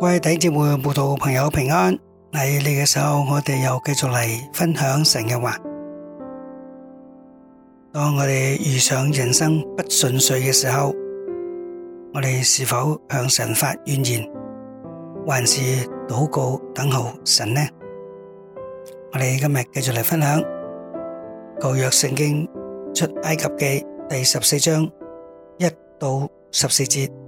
各位弟兄、姊妹、朋友平安！喺呢個時候，我哋又繼續嚟分享神嘅話。當我哋遇上人生不順遂嘅時候，我哋是否向神發怨言，還是禱告等候神呢？我哋今日繼續嚟分享舊約聖經出埃及記第十四章一到十四節。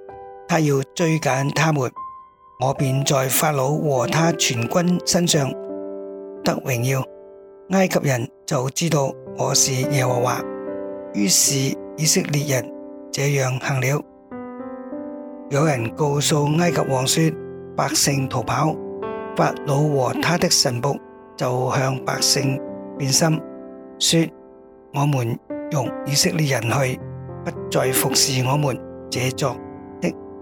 他要追趕他們，我便在法老和他全軍身上得榮耀，埃及人就知道我是耶和華。於是以色列人這樣行了。有人告訴埃及王說：百姓逃跑，法老和他的神僕就向百姓變心，說：我們用以色列人去，不再服侍我們這作。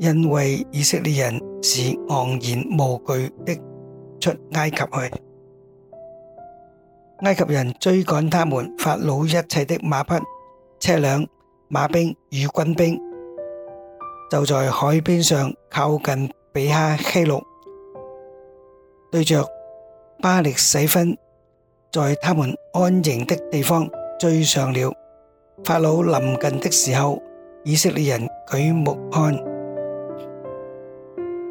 因為以色列人是昂然無懼的出埃及去，埃及人追趕他們，法老一切的馬匹、車輛、馬兵與軍兵，就在海邊上靠近比哈希錄，對着巴力洗分，在他們安營的地方追上了。法老臨近的時候，以色列人舉目看。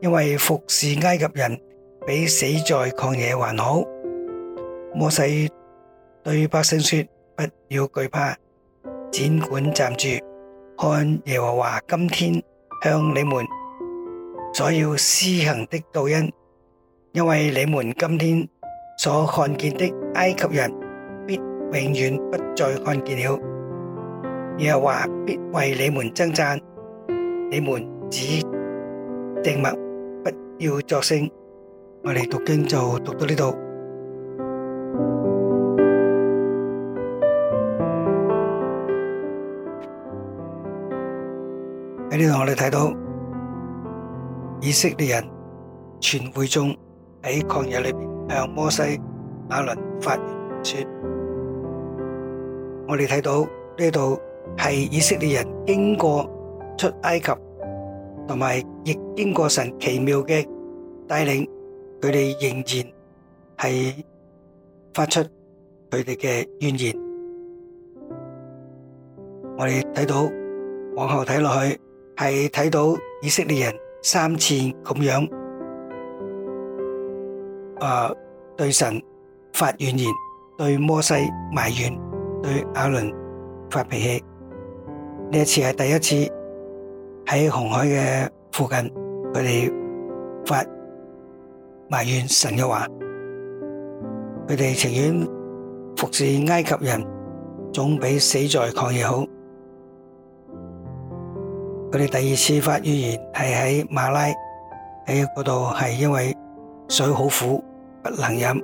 因為服侍埃及人比死在曠野還好。摩西對百姓說：不要懼怕，只管站住，看耶和華今天向你們所要施行的救恩。因為你們今天所看見的埃及人必永遠不再看見了。耶和華必為你們爭戰，你們只靜默。要作聲，我哋讀經就讀到呢度。喺呢度，我哋睇到以色列人全會眾喺曠野裏面向摩西、亞倫發言說：我哋睇到呢度係以色列人經過出埃及。同埋，亦經過神奇妙嘅帶領，佢哋仍然係發出佢哋嘅怨言。我哋睇到往後睇落去，係睇到以色列人三次咁樣，誒，對神發怨言，對摩西埋怨，對亞倫發脾氣。呢一次係第一次。喺紅海嘅附近，佢哋發埋怨神嘅話，佢哋情願服侍埃及人，總比死在曠野好。佢哋第二次發怨言係喺馬拉喺嗰度，係因為水好苦不能飲，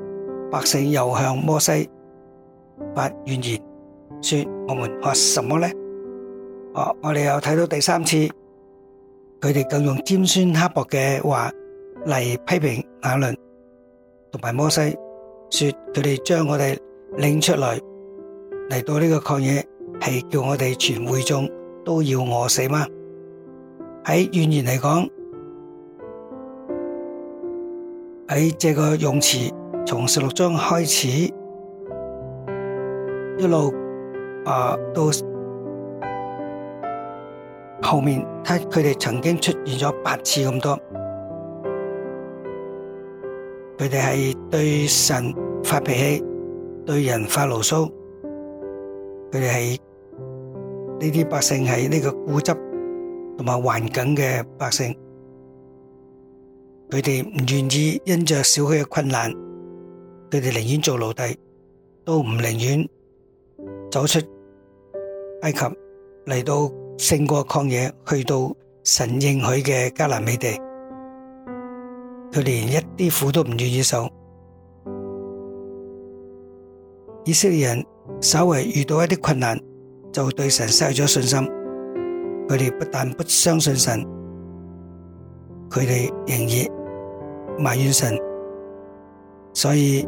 百姓又向摩西發怨言，說：我們喝什麼呢？哦，我哋又睇到第三次。佢哋更用尖酸刻薄嘅話嚟批評亞倫同埋摩西，說佢哋將我哋拎出來嚟到呢個曠野，係叫我哋全會眾都要餓死嗎？喺怨言嚟講，喺這個用詞從十六章開始一路啊到，都後面，他佢哋曾經出現咗八次咁多，佢哋係對神發脾氣，對人發牢騷，佢哋係呢啲百姓係呢個固執同埋頑梗嘅百姓，佢哋唔願意因着少許嘅困難，佢哋寧願做奴隸，都唔寧願走出埃及嚟到。勝過曠野，去到神應許嘅迦南美地，佢連一啲苦都唔願意受。以色列人稍為遇到一啲困難，就對神失去咗信心，佢哋不但不相信神，佢哋仍然埋怨神，所以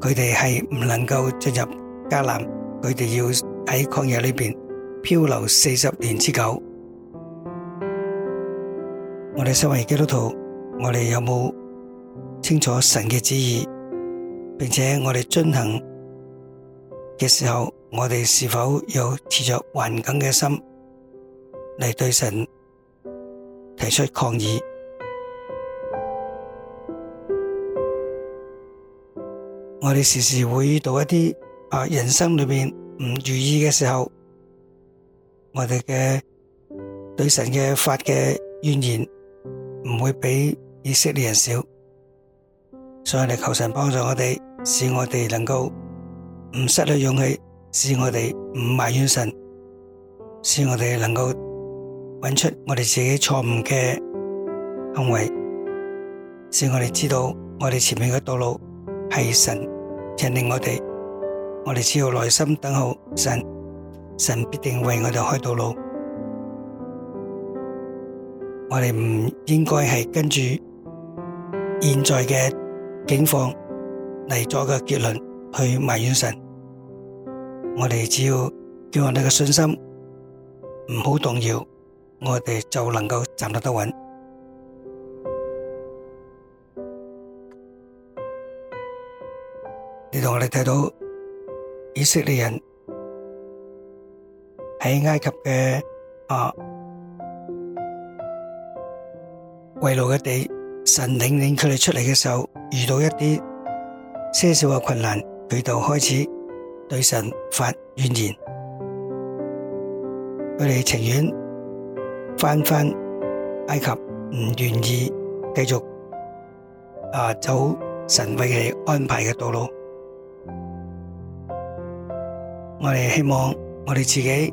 佢哋係唔能夠進入迦南，佢哋要喺曠野裏面，漂流四十年之久，我哋身為基督徒，我哋有冇清楚神嘅旨意，並且我哋遵行嘅時候，我哋是否有持着患梗嘅心嚟對神提出抗議？我哋時時會遇到一啲啊，人生裏面唔如意嘅時候。我哋嘅對神嘅法嘅怨言，唔會比以色列人少，所以我哋求神幫助我哋，使我哋能夠唔失去勇氣，使我哋唔埋怨神，使我哋能夠揾出我哋自己錯誤嘅行為，使我哋知道我哋前面嘅道路係神引領我哋，我哋只要耐心等候神。神必定為我哋開道路，我哋唔應該係跟住現在嘅境況嚟作個結論去埋怨神。我哋只要叫我哋嘅信心唔好動搖，我哋就能夠站得得穩。你同我哋睇到以色列人。喺埃及嘅啊，慰勞嘅地，神領領佢哋出嚟嘅時候，遇到一啲些少嘅困難，佢就開始對神發怨言，佢哋情願返返埃及，唔願意繼續啊走神為佢哋安排嘅道路。我哋希望我哋自己。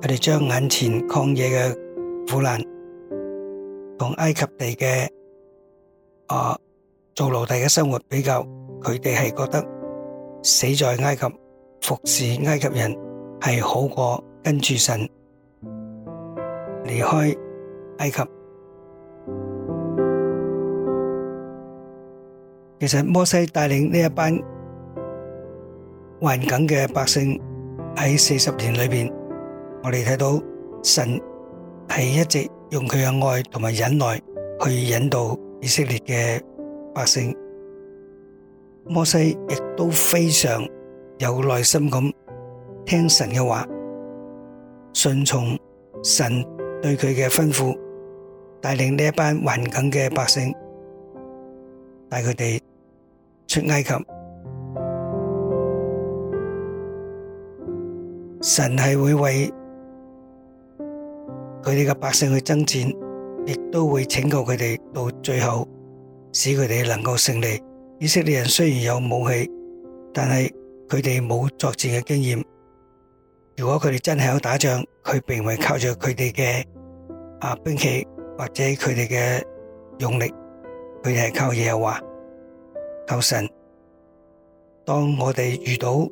佢哋將眼前曠野嘅苦難同埃及地嘅啊做奴隸嘅生活比較，佢哋係覺得死在埃及服侍埃及人係好過跟住神離開埃及。其實摩西帶領呢一班頑梗嘅百姓喺四十年裏邊。我哋睇到神係一直用佢嘅愛同埋忍耐去引導以色列嘅百姓，摩西亦都非常有耐心咁聽神嘅話，順從神對佢嘅吩咐，帶領呢一班患梗嘅百姓，帶佢哋出埃及。神係會為佢哋嘅百姓去征戰，亦都會拯救佢哋到最後，使佢哋能夠勝利。以色列人雖然有武器，但係佢哋冇作戰嘅經驗。如果佢哋真係有打仗，佢並唔係靠住佢哋嘅啊兵器或者佢哋嘅用力，佢哋係靠耶和華、靠神。當我哋遇到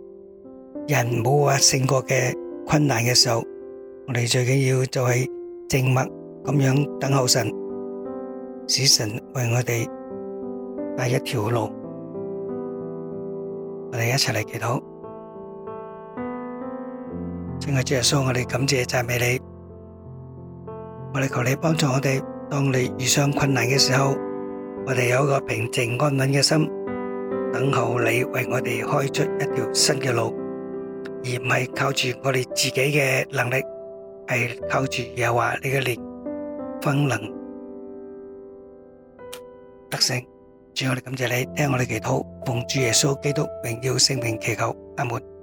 人冇話勝過嘅困難嘅時候，我哋最緊要就係，靜默咁樣等候神，使神為我哋帶一條路。我哋一齊嚟祈禱。親愛的耶穌，我哋感謝讚美你。我哋求你幫助我哋，當你遇上困難嘅時候，我哋有一個平靜安穩嘅心，等候你為我哋開出一條新嘅路，而唔係靠住我哋自己嘅能力。係靠住又話你嘅靈分能德性，最後我哋感謝你聽我哋祈禱，奉主耶穌基督榮耀聖名祈求，阿門。